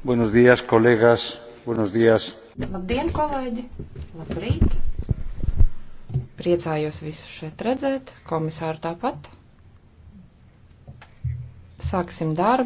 Buenos días, kolēgas. Buenos días. Labdien, kolēģi. Labrīt. Priecājos visus šeit redzēt. Komisāru tāpat. Sāksim darbu.